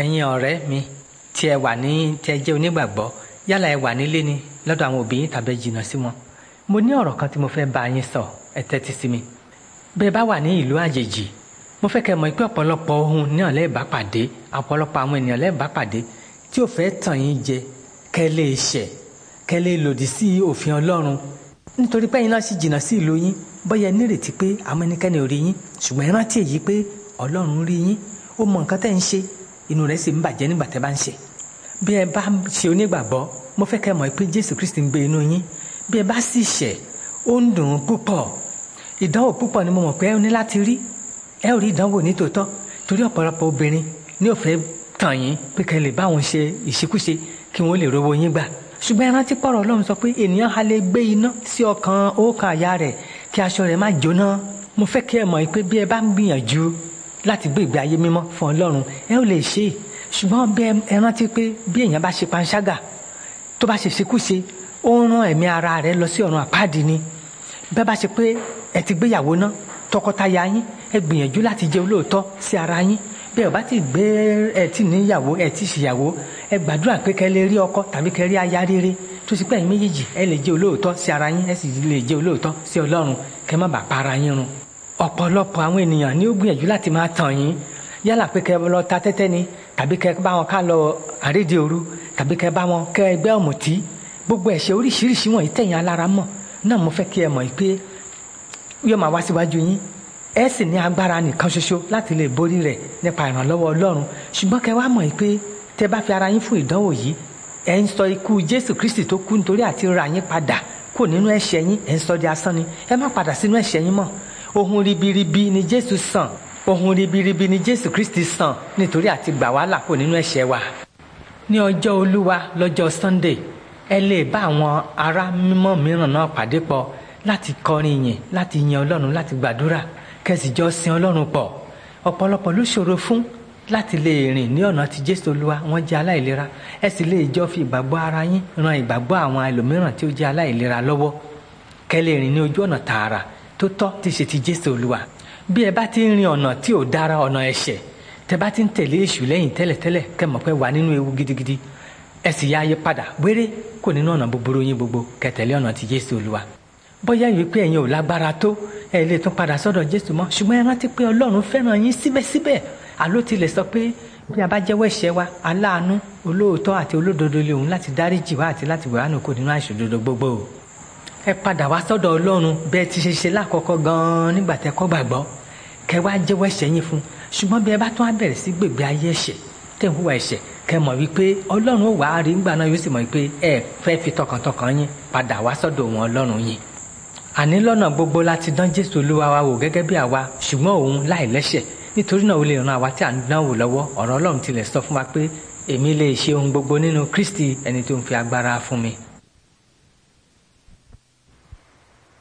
ẹ̀yin ọ̀rẹ́ mi tí ẹ wà ní tí ẹ jẹ́ onígbàgbọ́ yálà ẹ wà nílé ni lọ́dọ̀ àwọn òbí tàbí jìnnà sí wọn mo ní ọ̀rọ̀ kan tí mo fẹ́ bá yín sọ ẹ tẹ́tí sí mi bẹ́ẹ̀ bá wà ní ìlú àjèjì mo fẹ́ kẹ́ mọ̀ pé ọ̀pọ̀lọpọ̀ ohun náà lẹ́ẹ̀ bá pàdé ọ̀pọ̀lọpọ̀ àwọn ènìyàn lẹ́ẹ̀ bá pàdé tí ò fẹ́ tàn yín jẹ kẹ́ lè ṣẹ̀ kẹ́ lè lòdì sí òfin Ọlọ́run nítorí pé ẹ̀yin náà sì jìnnà sí ìlú yín bóyá nírètí pé àwọn ẹnikẹ́ni ò rí yín ṣùgbọ́n ẹ rántí èyí pé Ọlọ́run rí yín ó mọ nǹkan tẹ́ ń ṣe inú rẹ̀ sì ń bàjẹ́ nígbà tẹ́ bá ń ṣe bí ẹ bá ṣe onígbàgbọ́ mo fẹ́ kẹ́ mọ̀ pé Jésù Kristi ń gbé inú yín bí ẹ bá sì ṣẹ̀ ó ń dùn púpọ̀ ìdánwò púpọ̀ ni mo mọ̀ pé ẹ ní láti rí ẹ ò rí ìdánwò ní tòótọ́ torí ọ̀pọ̀lọpọ̀ obìnrin ní òfẹ́ tàn yín pé kẹ́ lè bá wọn ṣe ìṣekúṣe kí wọ́n lè rówó yín gbà ṣùgbọ́n ẹ pọ̀rọ̀ Ọlọ́run sọ pé ènìyàn ha lè gbé iná sí ọkàn òòkàn àyà rẹ̀ kí aṣọ rẹ̀ má jóná mo fẹ́ kí ẹ mọ̀ pé bí ẹ bá ń gbìyànjú láti gbé ìgbé ayé mímọ́ fún ọlọ́run ẹ ò lè ṣe ṣùgbọ́n bẹ́ẹ̀ ẹ rántí pé bí èèyàn bá ṣe panṣágà tó bá ṣe ṣekúṣe ó ń rán ẹ̀mí ara rẹ̀ lọ sí ọ̀run àpáàdì ni bẹ́ẹ̀ bá ṣe pé ẹ ti gbéyàwó ná tọkọtaya yín ẹ gbìyànjú láti jẹ olóòótọ́ sí ara yín bẹ́ẹ̀ bá ti gbé ẹ ti níyàwó ẹ ti ṣìyàwó ẹ gbàdúrà pé kẹ́ lè rí ọkọ tàbí kẹ́ rí aya rere tó ṣe pé ẹ̀yin méjèèjì ẹ lè jẹ olóòótọ́ sí ara yín ẹ sì lè jẹ olóòótọ́ sí ọlọ́run kẹ́ má bàa para yín run ọ̀pọ̀lọpọ̀ àwọn ènìyàn ni ó gbìyànjú láti máa tàn yín yálà pé kẹ́ lọ ta tẹ́tẹ́ ni tàbí kẹ́ bá wọn ká lọ àrídìí òru tàbí kẹ́ bá wọn kẹ́ ẹgbẹ́ ọ̀mùtí gbogbo ẹ̀ṣẹ̀ oríṣiríṣi wọ̀nyí tẹ̀yìn alára mọ̀ náà mo fẹ́ kí ẹ mọ̀ pé yóò máa wá síwájú yín ẹ sì ní agbára nìkan ṣoṣo láti lè borí rẹ̀ nípa ìrànlọ́wọ́ Ọlọ́run ṣùgbọ́n kẹ́ wá mọ̀ pé tẹ́ bá fi ara yín fún ìdánwò yìí ẹ ń sọ ikú Jésù Kristi tó kú nítorí àti ra yín padà kò nínú ẹ̀ṣẹ̀ yín ẹ ń sọ di asán ni ẹ má padà sínú ẹ̀ṣẹ̀ yín mọ́ ohun ribiribi ni jésù sàn ohun ribiribi ni jésù kristi sàn nítorí àti gbà wá làkò nínú ẹ̀ṣẹ̀ wa ní ọjọ́ olúwa lọ́jọ́ sunday ẹ lè bá àwọn ará mímọ́ mìíràn náà pàdé pọ̀ láti kọrin ìyìn láti yin ọlọ́run láti gbàdúrà kẹsìjọ sin ọlọ́run pọ̀ ọ̀pọ̀lọpọ̀ ló ṣòro fún láti lè rìn ní ọ̀nà tí jésù olúwa wọn jẹ́ aláìlera ẹ sì lè jọ fi ìgbàgbọ́ ara yín ran ìgbàgbọ́ àwọn ẹlòmíràn tí ó jẹ́ aláìlera lọ́wọ́ kẹ́ lè rìn ní ojú ọ̀nà tààrà tó tọ́ ti ṣe ti Jésù Olúwa bí ẹ bá ti ń rin ọ̀nà tí ò dára ọ̀nà ẹ̀ṣẹ̀ tẹ bá ti ń tẹ̀lé èṣù lẹ́yìn tẹ́lẹ̀tẹ́lẹ̀ kẹ́ mọ̀ pé wà nínú ewu gidigidi ẹ sì yá ayé padà wéré kò nínú ọ̀nà búburú yín gbogbo kẹtẹ̀lé ọ̀nà ti Jésù Olúwa bóyá ìwé pé ẹ̀yin ò lágbára tó ẹ lè tún padà sọ́dọ̀ Jésù mọ́ ṣùgbọ́n ẹ rántí pé Ọlọ́run fẹ́ràn yín síbẹ̀síbẹ̀ àló tilẹ̀ sọ pé bí a bá jẹ́wọ́ ẹ̀ṣẹ̀ wa aláàánú olóòótọ́ àti olódodo lè òun láti dáríjì wá àti láti wẹ̀ wá kò nínú àìṣòdodo gbogbo o ẹ padà wá sọ́dọ̀ Ọlọ́run bẹ́ẹ̀ ti ṣe ṣe lákọ̀ọ́kọ́ gan-an nígbà tẹ́ kọ́ gbàgbọ́ kẹ́ wá jẹ́wọ́ ẹ̀ṣẹ̀ yín fún ṣùgbọ́n bí ẹ bá tún á bẹ̀rẹ̀ sí gbègbè ayé ẹ̀ṣẹ̀ tẹ́ ń hùwà ẹ̀ṣẹ̀ kẹ́ mọ̀ wípé Ọlọ́run ó wà á rí ńgbà náà yóò sì mọ̀ wípé ẹ fẹ́ fi tọkàntọkàn yín padà wá sọ́dọ̀ wọn Ọlọ́run yín àní lọ́nà gbogbo láti dán Jésù Olúwa wa wò gẹ́gẹ́ bí àwa ṣùgbọ́n òun láì lẹ́ṣẹ̀ nítorí náà ó lè ran àwa tí à ń dánwò lọ́wọ́ ọ̀rọ̀ Ọlọ́run tilẹ̀ sọ